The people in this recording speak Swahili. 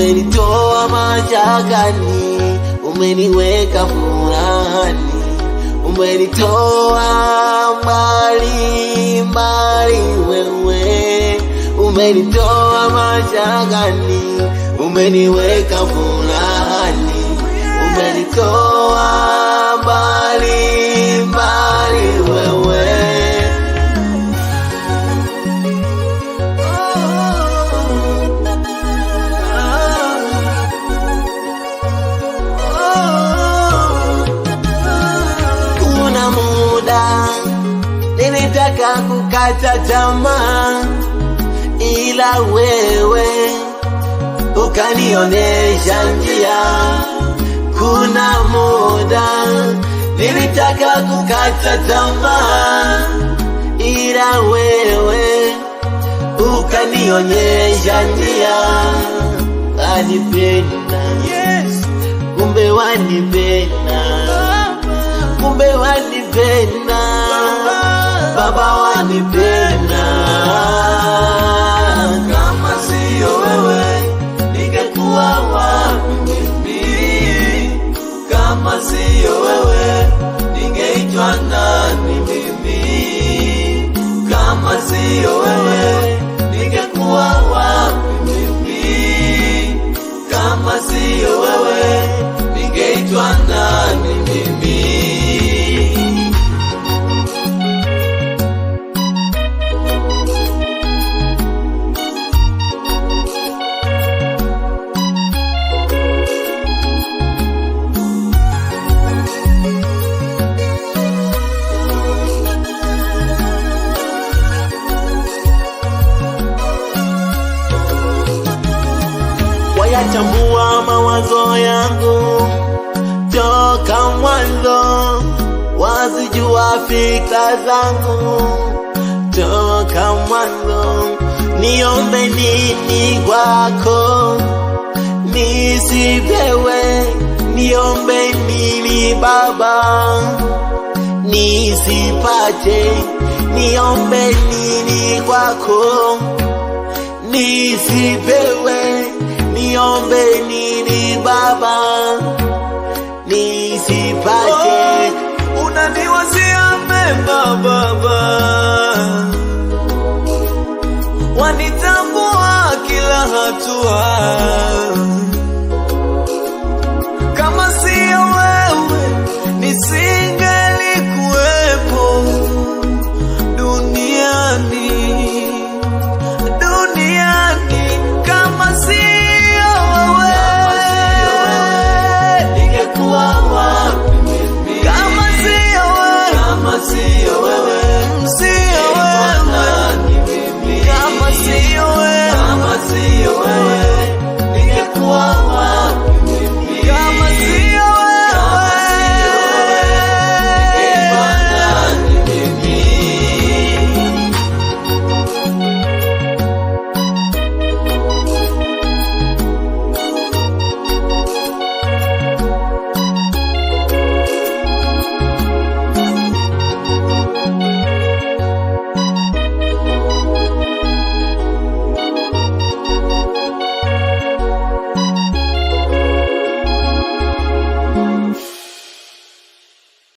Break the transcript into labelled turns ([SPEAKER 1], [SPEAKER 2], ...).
[SPEAKER 1] Umenitoa mashakani, umeniweka furani, umenitoa mbali mbali, wewe umenitoa mashakani, umeniweka furani, umenitoa muda, nilitaka kukata tamaa, ila wewe ukanionyesha njia. Kuna muda nilitaka kukata tamaa, ila wewe ukanionyesha njia. Wanipenda, kumbe wanipenda, kumbe wanipenda Nitachambua mawazo yangu toka mwanzo, wazijua fikra zangu toka mwanzo. Niombe nini kwako nisipewe, niombe nini Baba nisipate, niombe nini kwako nisipewe niombe nini Baba nisipate?
[SPEAKER 2] Oh, unaniwazia mema Baba, wanitambua kila hatua